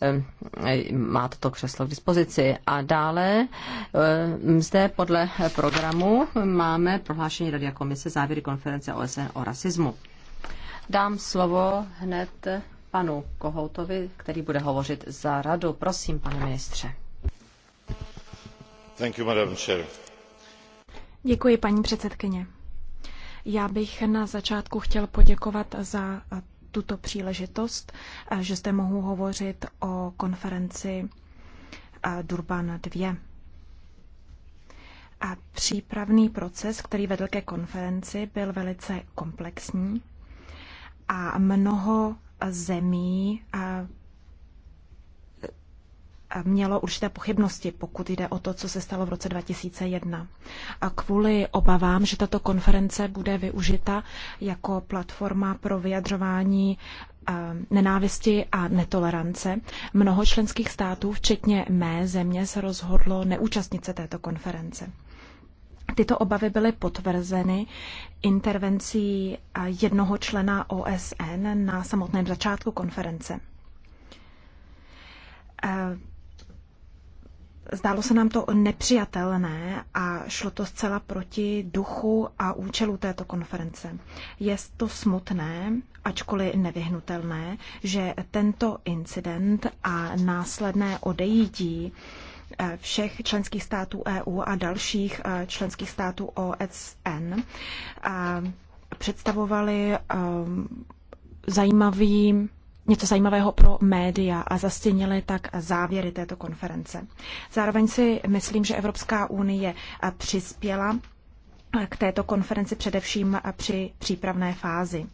Ehm, má toto křeslo k dispozici. A dále ehm, zde podle programu máme prohlášení Radia komise závěry konference OSN o rasismu. Dám slovo hned panu Kohoutovi, který bude hovořit za radu. Prosím, pane ministře. Thank you, madam chair. Děkuji, paní předsedkyně. Já bych na začátku chtěl poděkovat za tuto příležitost, že zde mohu hovořit o konferenci Durban 2. A přípravný proces, který vedl ke konferenci, byl velice komplexní a mnoho zemí mělo určité pochybnosti, pokud jde o to, co se stalo v roce 2001 kvůli obavám, že tato konference bude využita jako platforma pro vyjadřování eh, nenávisti a netolerance. Mnoho členských států, včetně mé země, se rozhodlo neúčastnit se této konference. Tyto obavy byly potvrzeny intervencí eh, jednoho člena OSN na samotném začátku konference eh, Zdálo se nám to nepřijatelné a šlo to zcela proti duchu a účelu této konference. Je to smutné, ačkoliv nevyhnutelné, že tento incident a následné odejítí eh, všech členských států EU a dalších eh, členských států OSN eh, představovali zajímavý něco zajímavého pro média a zastěnili tak závěry této konference. Zároveň si myslím, že Evropská unie přispěla k této konferenci především při přípravné fázi.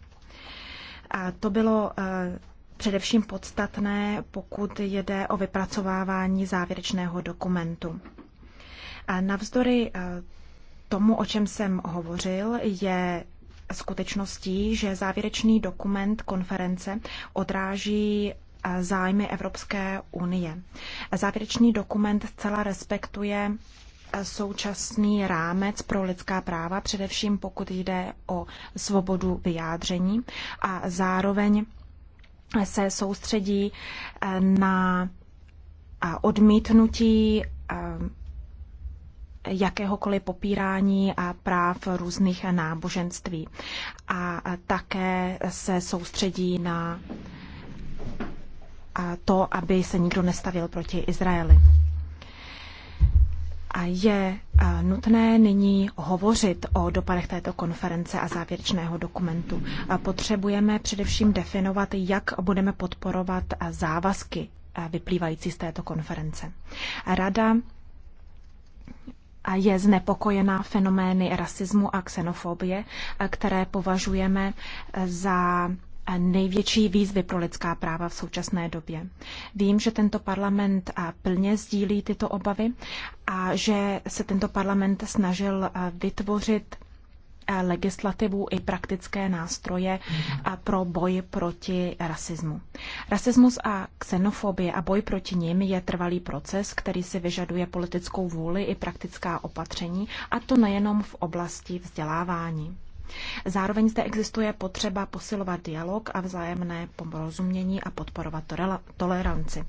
A to bylo eh, především podstatné, pokud jde o vypracovávání závěrečného dokumentu. A navzdory eh, tomu, o čem jsem hovořil, je skutečností, že závěrečný dokument konference odráží eh, zájmy Evropské unie. Závěrečný dokument zcela respektuje eh, současný rámec pro lidská práva, především pokud jde o svobodu vyjádření a zároveň se soustředí eh, na odmítnutí jakéhokoliv popírání a práv různých náboženství. A také se soustředí na to, aby se nikdo nestavil proti Izraeli. A je nutné nyní hovořit o dopadech této konference a závěrečného dokumentu. Potřebujeme především definovat, jak budeme podporovat závazky vyplývající z této konference. Rada a je znepokojená fenomény rasismu a xenofobie, eh, které považujeme eh, za eh, největší výzvy pro lidská práva v současné době. Vím, že tento parlament plně sdílí tyto obavy a že se tento parlament snažil vytvořit Eh, legislativu i praktické nástroje eh, pro boj proti rasismu. Rasismus a xenofobie a boj proti nim je trvalý proces, který si vyžaduje politickou vůli i praktická opatření, a to nejenom v oblasti vzdělávání. Zároveň zde existuje potřeba posilovat dialog a vzájemné porozumění a podporovat toleranci.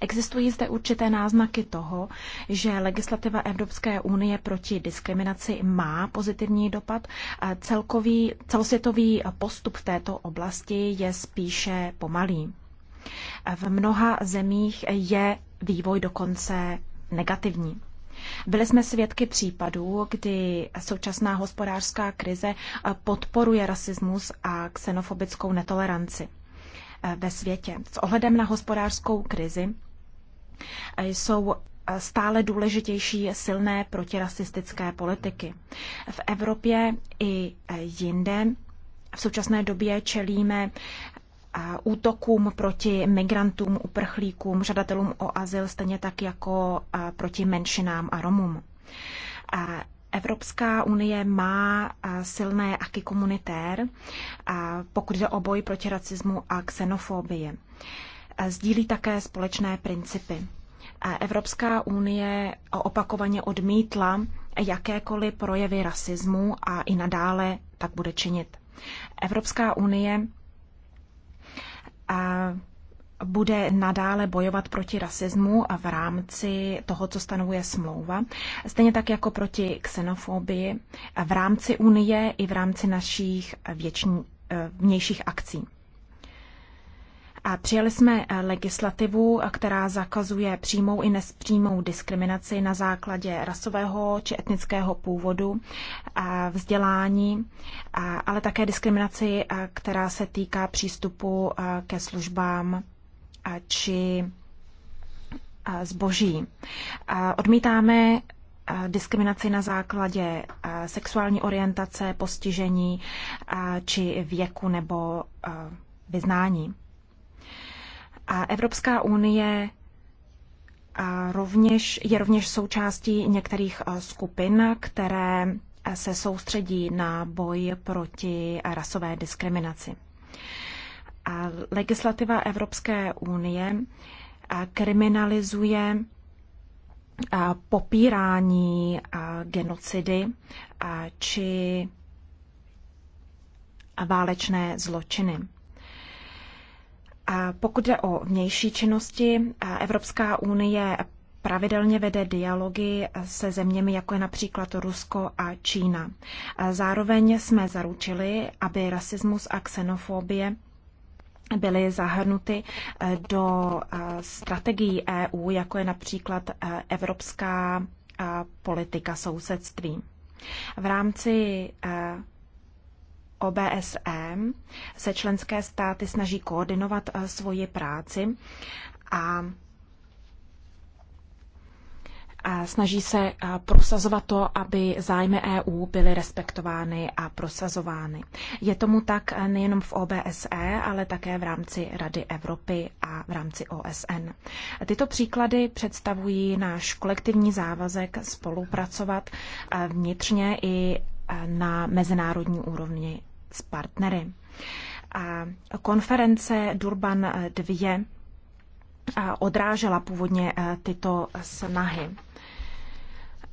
Existují zde určité náznaky toho, že legislativa Evropské unie proti diskriminaci má pozitivní dopad. Celkový, celosvětový postup v této oblasti je spíše pomalý. V mnoha zemích je vývoj dokonce negativní. Byli jsme svědky případů, kdy současná hospodářská krize podporuje rasismus a xenofobickou netoleranci. Eh, ve světě. S ohledem na hospodářskou krizi eh, jsou eh, stále důležitější silné protirasistické politiky. V Evropě i jinde v současné době čelíme útokům proti migrantům, uprchlíkům, žadatelům o azyl, stejně tak jako proti menšinám a Romům. Evropská unie má silné aky komunitér, pokud jde o boj proti racismu a xenofobii. Sdílí také společné principy. Evropská unie opakovaně odmítla jakékoliv projevy rasismu a i nadále tak bude činit. Evropská unie bude nadále bojovat proti rasismu a v rámci toho, co stanovuje smlouva, stejně tak jako proti xenofobii v rámci Unie i v rámci našich věční, eh, vnějších akcí. A přijali jsme eh, legislativu, která zakazuje přímou i nespřímou diskriminaci na základě rasového či etnického původu, vzdělání, ale také diskriminaci, eh, která se týká přístupu ke službám či zboží. Odmítáme diskriminaci na základě sexuální orientace, postižení či věku nebo vyznání. A Evropská unie rovněž, je rovněž součástí některých skupin, které se soustředí na boj proti rasové diskriminaci legislativa Evropské unie kriminalizuje popírání genocidy či válečné zločiny. Pokud jde o vnější činnosti, Evropská unie pravidelně vede dialogy se zeměmi, jako je například Rusko a Čína. Zároveň jsme zaručili, aby rasismus a xenofobie byly zahrnuty eh, do eh, strategií EU, jako je například eh, evropská politika sousedství. V rámci OBSE se členské státy snaží koordinovat svoji práci a snaží se prosazovat to, aby zájmy EU byly respektovány a prosazovány. Je tomu tak e, nejenom v OBSE, ale také v rámci Rady Evropy a v rámci OSN. Tyto příklady představují náš kolektivní závazek spolupracovat e, vnitřně i e, na mezinárodní úrovni s partnery. A konference Durban 2 odrážela původně tyto snahy.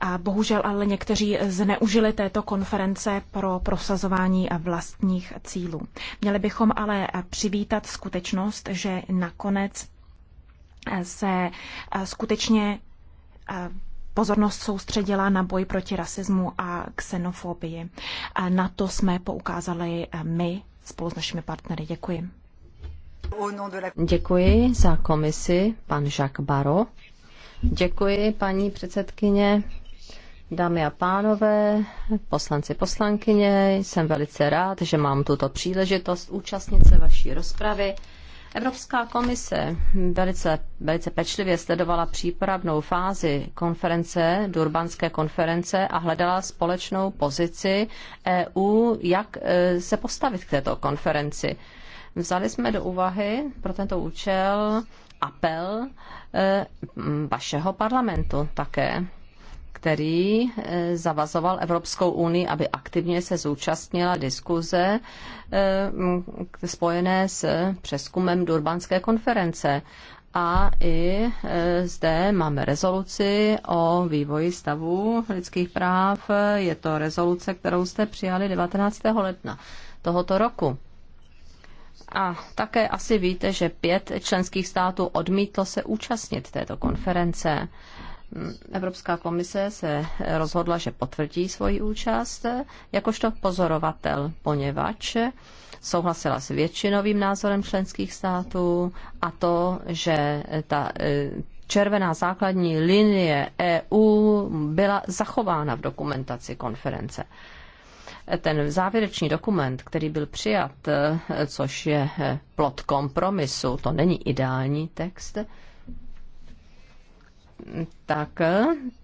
A bohužel ale někteří zneužili této konference pro prosazování vlastních cílů. Měli bychom ale přivítat skutečnost, že nakonec se skutečně pozornost soustředila na boj proti rasismu a xenofobii. Na to jsme poukázali my spolu s našimi partnery. Děkuji. Děkuji za komisi, pan Jacques Baro. Děkuji, paní předsedkyně. Dámy a pánové, poslanci, poslankyně, jsem velice rád, že mám tuto příležitost účastnit se vaší rozpravy. Evropská komise velice, velice pečlivě sledovala přípravnou fázi konference, Durbanské konference a hledala společnou pozici EU, jak e, se postavit k této konferenci. Vzali jsme do úvahy pro tento účel apel e, vašeho parlamentu také který eh, zavazoval Evropskou unii, aby aktivně se zúčastnila diskuze eh, spojené s přeskumem Durbanské konference. A i eh, zde máme rezoluci o vývoji stavu lidských práv. Je to rezoluce, kterou jste přijali 19. ledna tohoto roku. A také asi víte, že pět členských států odmítlo se účastnit této konference. Evropská komise se rozhodla, že potvrdí svoji účast jakožto pozorovatel, poněvadž souhlasila s většinovým názorem členských států a to, že ta e, červená základní linie EU byla zachována v dokumentaci konference. Ten závěrečný dokument, který byl přijat, e, což je e, plot kompromisu, to není ideální text, tak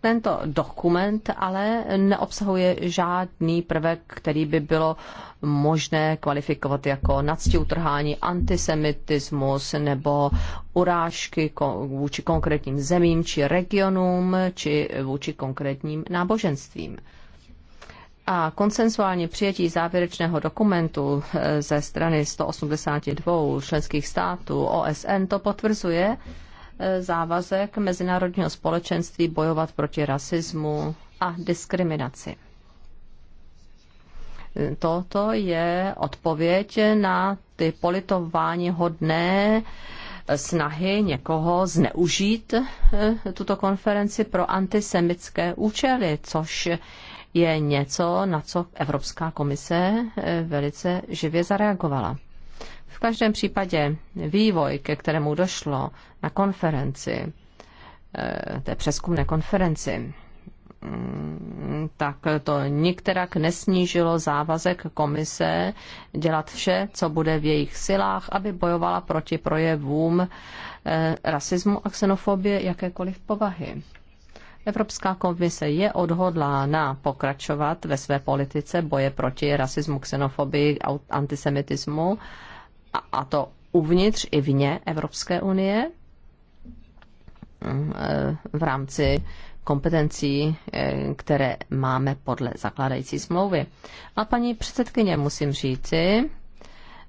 tento dokument ale neobsahuje žádný prvek, který by bylo možné kvalifikovat jako nadstí utrhání, antisemitismus nebo urážky vůči konkrétním zemím či regionům či vůči konkrétním náboženstvím. A konsensuální přijetí závěrečného dokumentu eh, ze strany 182 členských států OSN to potvrzuje, závazek mezinárodního společenství bojovat proti rasismu a diskriminaci. Toto je odpověď na ty politování hodné snahy někoho zneužít eh, tuto konferenci pro antisemické účely, což je něco, na co Evropská komise eh, velice živě zareagovala. V každém případě vývoj, ke kterému došlo na konferenci, eh, té přeskumné konferenci, mm, tak to nikterak nesnížilo závazek komise dělat vše, co bude v jejich silách, aby bojovala proti projevům eh, rasismu a xenofobie jakékoliv povahy. Evropská komise je odhodlána pokračovat ve své politice boje proti rasismu, xenofobii, antisemitismu a to uvnitř i vně Evropské unie mm, e, v rámci kompetencí, e, které máme podle zakládající smlouvy. A paní předsedkyně, musím říci,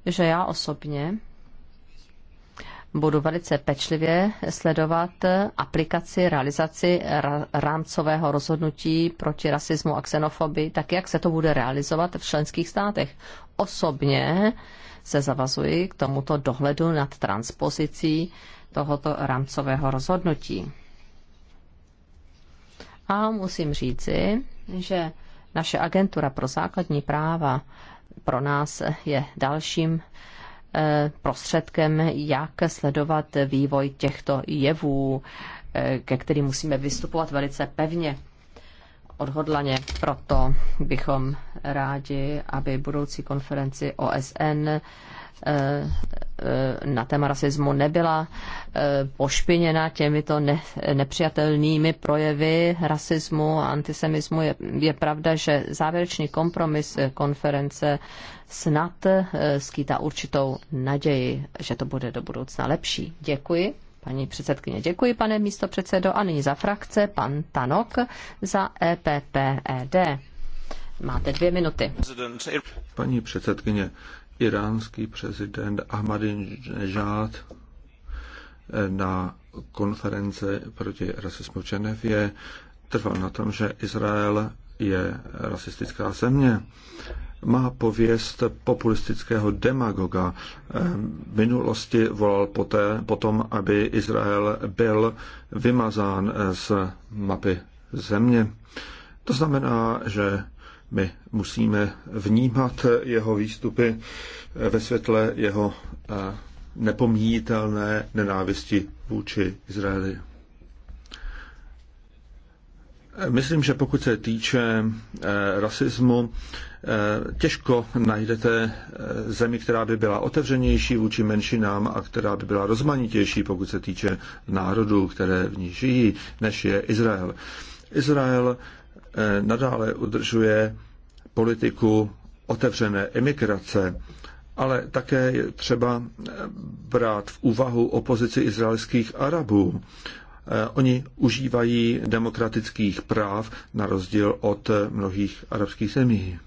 že já osobně budu velice pečlivě sledovat aplikaci, realizaci rámcového rozhodnutí proti rasismu a xenofobii, tak jak se to bude realizovat v členských státech. Osobně se zavazuji k tomuto dohledu nad transpozicí tohoto rámcového rozhodnutí. A musím říci, že naše agentura pro základní práva pro nás je dalším eh, prostředkem, jak sledovat vývoj těchto jevů, eh, ke kterým musíme vystupovat velice pevně odhodlaně. Proto bychom rádi, aby budoucí konferenci OSN eh, eh, na téma rasismu nebyla eh, pošpiněna těmito ne, nepřijatelnými projevy rasismu a antisemismu. Je, je pravda, že závěrečný kompromis konference snad skýtá určitou naději, že to bude do budoucna lepší. Děkuji. Paní předsedkyně, děkuji, pane místo předsedo. A nyní za frakce, pan Tanok za EPPED. Máte dvě minuty. Paní předsedkyně, iránský prezident Ahmadinejad eh, na konference proti rasismu v Ženevě trval na tom, že Izrael je rasistická země má pověst populistického demagoga. Ehm, v minulosti volal poté, potom, aby Izrael byl vymazán eh, z mapy země. To znamená, že my musíme vnímat jeho výstupy eh, ve světle jeho eh, nepomíjitelné nenávisti vůči Izraeli. Myslím, že pokud se týče eh, rasismu, eh, těžko najdete eh, zemi, která by byla otevřenější vůči menšinám a která by byla rozmanitější, pokud se týče národů, které v ní žijí, než je Izrael. Izrael nadále udržuje politiku otevřené emigrace, ale také je třeba brát v úvahu opozici izraelských Arabů Eh, oni užívají demokratických práv na rozdíl od eh, mnohých arabských zemí.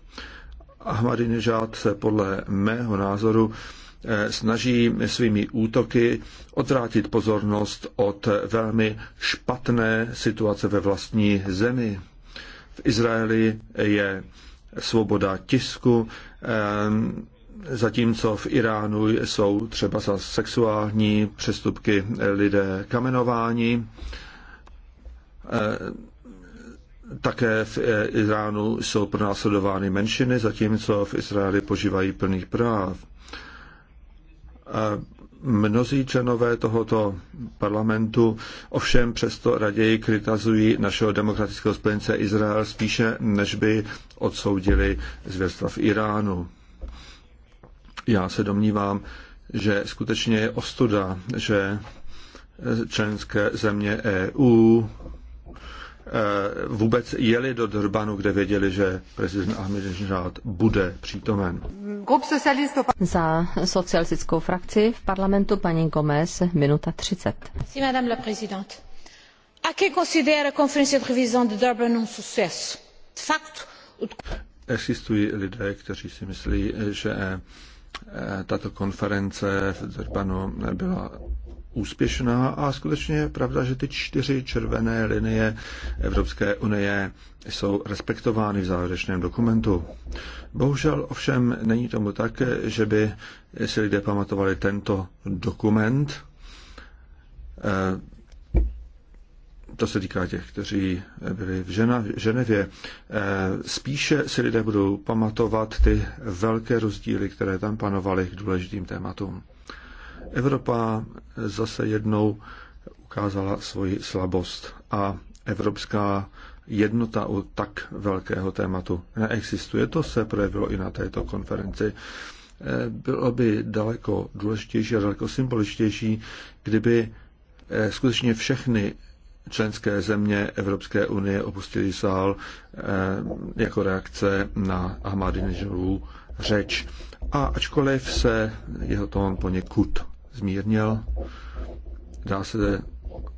Ahmadinejad se podle mého názoru eh, snaží svými útoky odvrátit pozornost od velmi špatné situace ve vlastní zemi. V Izraeli je svoboda tisku, zatímco v Iránu jsou třeba za sexuální přestupky lidé kamenováni. Eh, také v Iránu jsou pronásledovány menšiny, zatímco v Izraeli požívají plných práv. Mnozí členové tohoto parlamentu ovšem přesto raději kritizují našeho demokratického spojence Izrael spíše, než by odsoudili zvěrstva v Iránu. Já se domnívám, že skutečně je ostuda, že eh, členské země EU eh, vůbec jeli do Durbanu, kde věděli, že prezident Ahmedinejad bude přítomen. Za socialistickou frakci v parlamentu paní Gomez minuta 30. Si, madame la présidente. A que considera a conferência de revisão de Durban um sucesso? De facto, Existují lidé, kteří si myslí, že Eh, tato konference v Durbanu byla úspěšná a skutečně je pravda, že ty čtyři červené linie Evropské unie jsou respektovány v závěrečném dokumentu. Bohužel ovšem není tomu tak, že by si lidé pamatovali tento dokument. Eh, to se týká těch, kteří byli v Ženevě, eh, spíše si lidé budou pamatovat ty velké rozdíly, které tam panovaly k důležitým tématům. Evropa zase jednou ukázala svoji slabost a evropská jednota u tak velkého tématu neexistuje. To se projevilo i na této konferenci. Eh, bylo by daleko důležitější a daleko symboličtější, kdyby eh, skutečně všechny členské země Evropské unie opustili sál eh, jako reakce na Ahmadinejadovu řeč. A ačkoliv se jeho tón poněkud zmírnil, dá se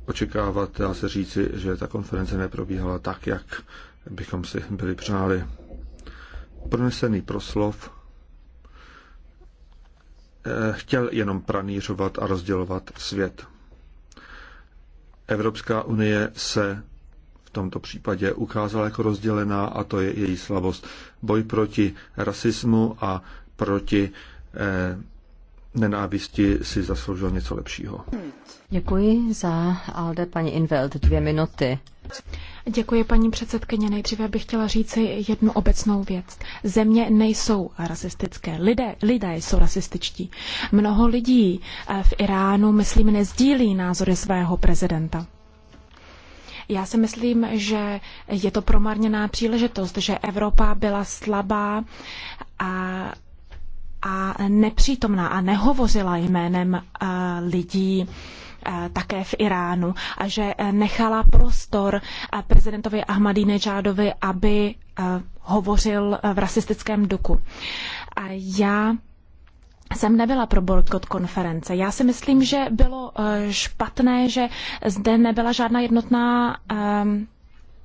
očekávat, dá se říci, že ta konference neprobíhala tak, jak bychom si byli přáli. Pronesený proslov eh, chtěl jenom pranířovat a rozdělovat svět. Evropská unie se v tomto případě ukázala jako rozdělená a to je její slabost. Boj proti rasismu a proti eh, nenávisti si zasloužil něco lepšího. Děkuji za Alde, paní Inveld, dvě minuty. Děkuji, paní předsedkyně. Nejdříve bych chtěla říci jednu obecnou věc. Země nejsou rasistické. Lidé, lidé jsou rasističtí. Mnoho lidí eh, v Iránu, myslím, nezdílí názory svého prezidenta. Já si myslím, že je to promarněná příležitost, že Evropa byla slabá a a nepřítomná a nehovořila jménem eh, lidí eh, také v Iránu a že eh, nechala prostor prezidentovi Ahmadinejadovi, aby hovořil v rasistickém duku. A já jsem nebyla pro bojkot konference. Já si myslím, že bylo špatné, že zde nebyla žádná jednotná ehm,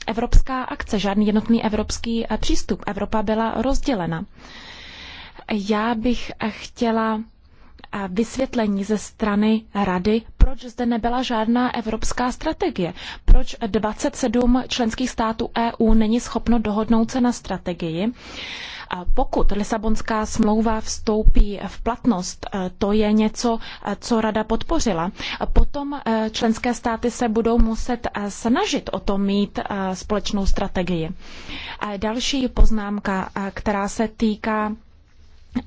evropská akce, žádný jednotný evropský přístup. Evropa byla rozdělena. Já bych eh, chtěla eh, vysvětlení ze strany rady, proč zde nebyla žádná evropská strategie, proč 27 členských států EU není schopno dohodnout se na strategii. Pokud Lisabonská smlouva vstoupí v platnost, eh, to je něco, co Rada podpořila, potom členské státy se budou muset snažit o to mít společnou strategii. Další poznámka, která se týká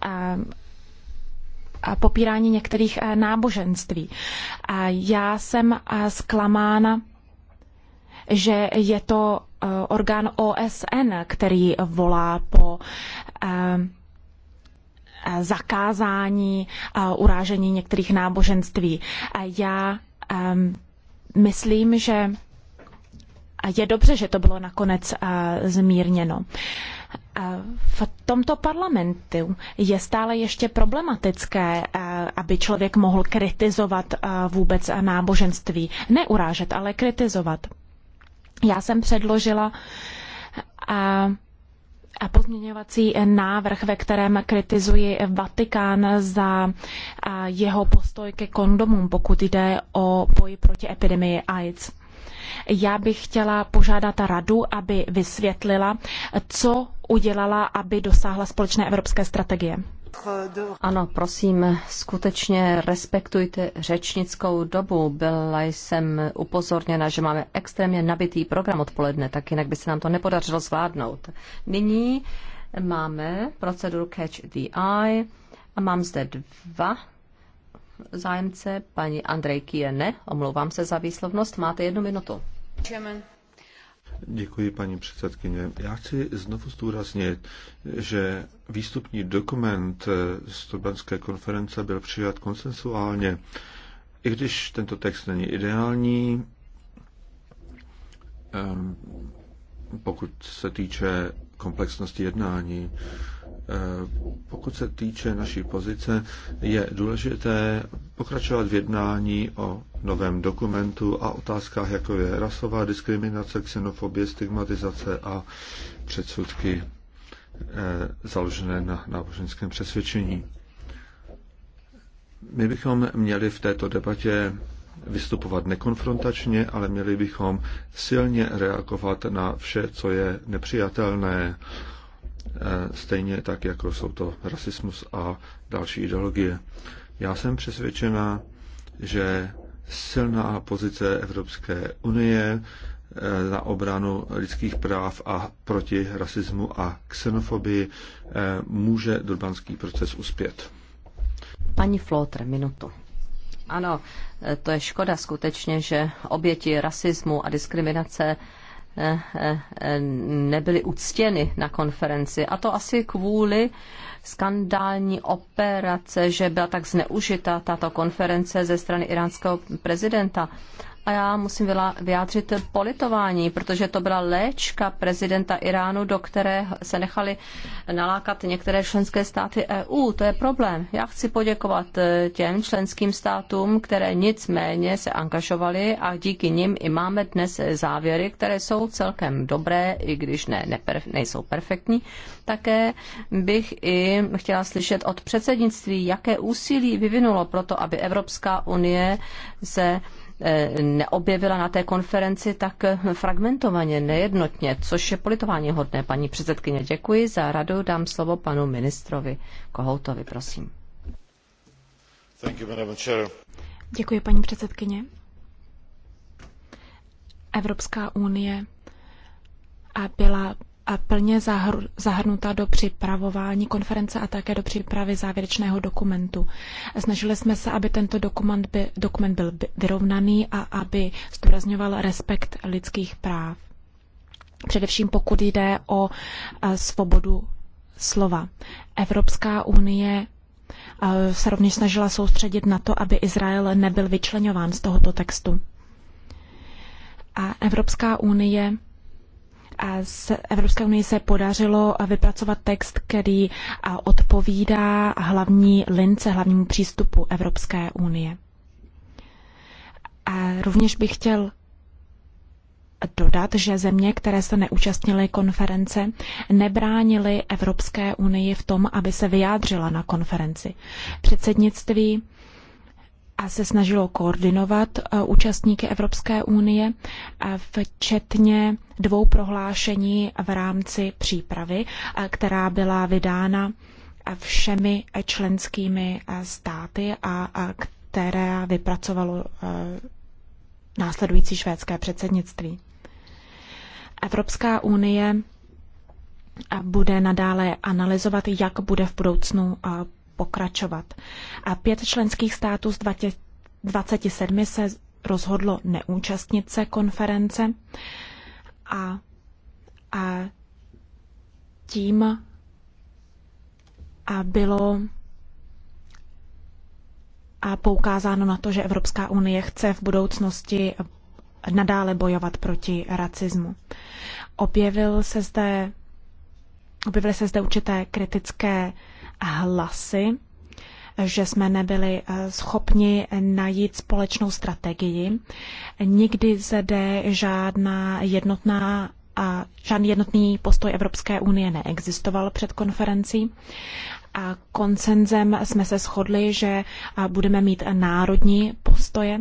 a popírání některých eh, náboženství. Já jsem eh, zklamána, že je to eh, orgán OSN, který volá po zakázání urážení některých náboženství. Já ehm, myslím, že je dobře, že to bylo nakonec zmírněno. V tomto parlamentu je stále ještě problematické, aby člověk mohl kritizovat vůbec náboženství. Neurážet, ale kritizovat. Já jsem předložila a pozměňovací návrh, ve kterém kritizuji Vatikán za jeho postoj ke kondomům, pokud jde o boj proti epidemii AIDS. Já bych chtěla požádat radu, aby vysvětlila, co udělala, aby dosáhla společné evropské strategie. Ano, prosím, skutečně respektujte řečnickou dobu. Byla jsem upozorněna, že máme extrémně nabitý program odpoledne, tak jinak by se nám to nepodařilo zvládnout. Nyní máme proceduru Catch the Eye a mám zde dva zájemce, paní Andrej ne. Omlouvám se za výslovnost, máte jednu minutu. Čemen. Děkuji, paní předsedkyně. Já chci znovu zdůraznit, že výstupní dokument z Tobanské konference byl přijat konsensuálně. I když tento text není ideální, ehm, pokud se týče komplexnosti jednání, Eh, pokud se týče naší pozice, je důležité pokračovat v jednání o novém dokumentu a otázkách, jako je rasová diskriminace, xenofobie, stigmatizace a předsudky eh, založené na náboženském přesvědčení. My bychom měli v této debatě vystupovat nekonfrontačně, ale měli bychom silně reagovat na vše, co je nepřijatelné Eh, stejně tak, jako jsou to rasismus a další ideologie. Já jsem přesvědčena, že silná pozice Evropské unie eh, na obranu lidských práv a proti rasismu a xenofobii eh, může durbanský proces uspět. Paní Flotr, minutu. Ano, to je škoda skutečně, že oběti rasismu a diskriminace nebyly uctěny na konferenci. A to asi kvůli skandální operace, že byla tak zneužita tato konference ze strany iránského prezidenta a já musím vyjádřit politování, protože to byla léčka prezidenta Iránu, do které se nechali nalákat některé členské státy EU. To je problém. Já chci poděkovat eh, těm členským státům, které nicméně se angažovaly a díky nim i máme dnes závěry, které jsou celkem dobré, i když ne, neperf, nejsou perfektní. Také bych i chtěla slyšet od předsednictví, jaké úsilí vyvinulo pro to, aby Evropská unie se Eh, neobjevila na té konferenci tak eh, fragmentovaně, nejednotně, což je politování hodné. Paní předsedkyně, děkuji za radu, dám slovo panu ministrovi Kohoutovi, prosím. Děkuji, paní předsedkyně. Evropská unie byla plně zahrnuta do připravování konference a také do přípravy závěrečného dokumentu. Snažili jsme se, aby tento dokument, by, dokument byl vyrovnaný a aby zdůrazňoval respekt lidských práv. Především pokud jde o eh, svobodu slova. Evropská unie eh, se rovněž snažila soustředit na to, aby Izrael nebyl vyčlenován z tohoto textu. A Evropská unie z Evropské unie se podařilo vypracovat text, který odpovídá hlavní lince, hlavnímu přístupu Evropské unie. A rovněž bych chtěl dodat, že země, které se neúčastnily konference, nebránily Evropské unii v tom, aby se vyjádřila na konferenci. Předsednictví a se snažilo koordinovat e, účastníky Evropské unie, včetně dvou prohlášení v rámci přípravy, e, která byla vydána všemi členskými e, státy a která vypracovalo následující švédské předsednictví. Evropská unie bude nadále analyzovat, jak bude v budoucnu pokračovat. A pět členských států z 27 se rozhodlo neúčastnit se konference a, a tím a bylo a poukázáno na to, že Evropská unie chce v budoucnosti nadále bojovat proti racismu. Objevil se zde, objevily se zde určité kritické hlasy, že jsme nebyli eh, schopni najít společnou strategii. Nikdy zde žádná jednotná a žádný jednotný postoj Evropské unie neexistoval před konferencí. A koncenzem jsme se shodli, že eh, budeme mít národní postoje,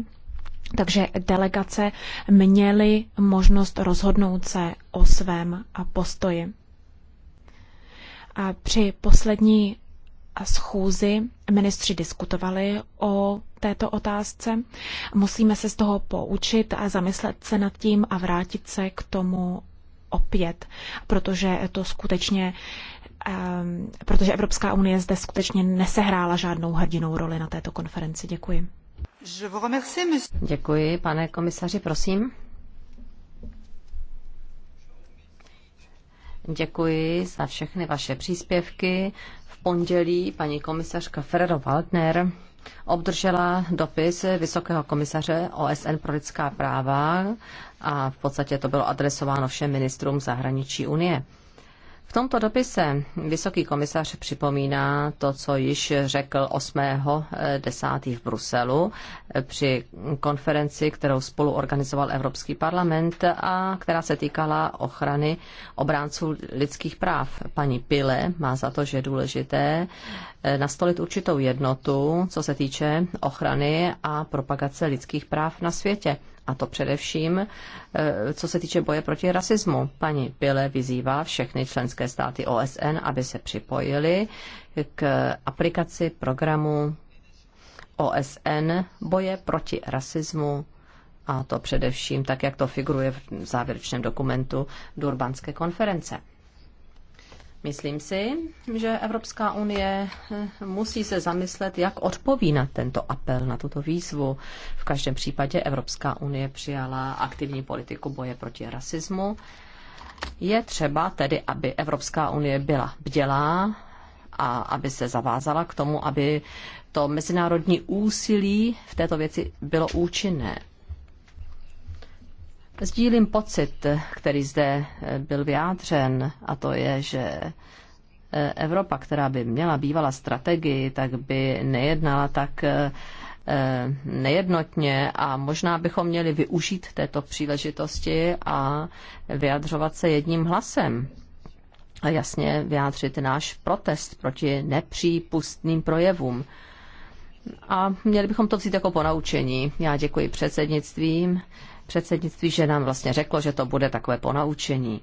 takže delegace měly možnost rozhodnout se o svém postoji. A při poslední schůzi ministři diskutovali o této otázce. Musíme se z toho poučit a zamyslet se nad tím a vrátit se k tomu opět, protože to skutečně, um, protože Evropská unie zde skutečně nesehrála žádnou hrdinou roli na této konferenci. Děkuji. Děkuji, pane komisaři, prosím. Děkuji za všechny vaše příspěvky pondělí paní komisařka Ferrero-Waldner obdržela dopis Vysokého komisaře OSN pro lidská práva a v podstatě to bylo adresováno všem ministrům zahraničí Unie. V tomto dopise vysoký komisař připomíná to, co již řekl 8.10. Eh, v Bruselu při konferenci, kterou spolu organizoval Evropský parlament a která se týkala ochrany obránců lidských práv. Paní Pile má za to, že je důležité eh, nastolit určitou jednotu, co se týče ochrany a propagace lidských práv na světě a to především, eh, co se týče boje proti rasismu. Paní Pile vyzývá všechny členské státy OSN, aby se připojili k aplikaci programu OSN boje proti rasismu a to především tak, jak to figuruje v závěrečném dokumentu Durbanské konference. Myslím si, že Evropská unie eh, musí se zamyslet, jak odpoví na tento apel, na tuto výzvu. V každém případě Evropská unie přijala aktivní politiku boje proti rasismu. Je třeba tedy, aby Evropská unie byla bdělá a aby se zavázala k tomu, aby to mezinárodní úsilí v této věci bylo účinné. Sdílím pocit, který zde eh, byl vyjádřen, a to je, že eh, Evropa, která by měla bývala strategii, tak by nejednala tak eh, nejednotně a možná bychom měli využít této příležitosti a vyjadřovat se jedním hlasem a jasně vyjádřit náš protest proti nepřípustným projevům. A měli bychom to vzít jako ponaučení. Já děkuji předsednictvím předsednictví, že nám vlastně řeklo, že to bude takové ponaučení.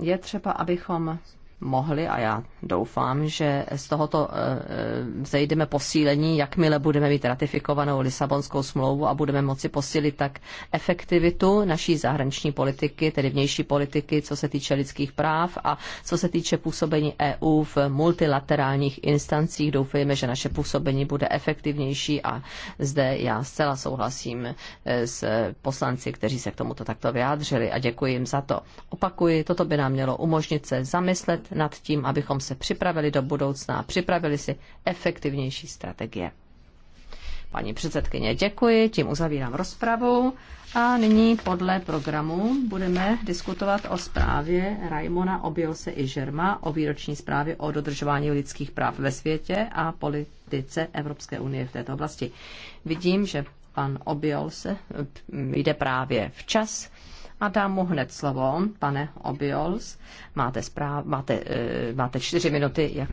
Je třeba, abychom mohli a já doufám, že z tohoto eh, eh, zejdeme posílení, jakmile budeme mít ratifikovanou Lisabonskou smlouvu a budeme moci posílit tak efektivitu naší zahraniční politiky, tedy vnější politiky, co se týče lidských práv a co se týče působení EU v multilaterálních instancích. Doufejme, že naše působení bude efektivnější a zde já zcela souhlasím eh, s poslanci, kteří se k tomuto takto vyjádřili a děkuji jim za to. Opakuji, toto by nám mělo umožnit se zamyslet nad tím, abychom se připravili do budoucna a připravili si efektivnější strategie. Paní předsedkyně, děkuji, tím uzavírám rozpravu a nyní podle programu budeme diskutovat o zprávě Raimona Obilse i Žerma o výroční zprávě o dodržování lidských práv ve světě a politice Evropské unie v této oblasti. Vidím, že pan Obilse mm, jde právě včas a dám mu hned slovo. Pane Obiols, máte, správ, máte, eh, máte čtyři minuty. Jak